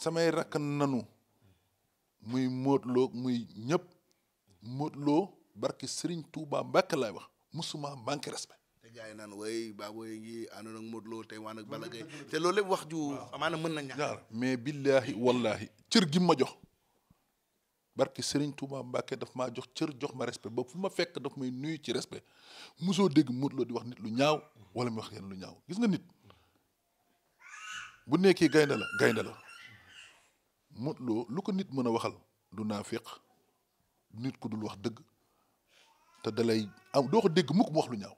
samay rakk nanu muy móotloo muy ñëpp mootloo barki Serigne Touba Mbacke laay wax musuma manqué respect. te gars yi naan way Baboye ngi àndoon ak Modou Lo tey te loolu wax ju amaana mën na ñàkk mais billaahi wallaahi cër gi ma jox barke Serigne Touba Mbacke daf ma jox cër jox ma respect ba fu ma fekk daf muy nuyu ci respect mosoo dégg Modou di wax nit lu ñaaw wala mu wax leen lu ñaaw gis nga nit bu nekkee gaynde la gaynde la Modou Lo lu ko nit mën a waxal du naafiq nit ku dul wax dëgg te dalay am doo ko dégg mukk mu wax lu ñaaw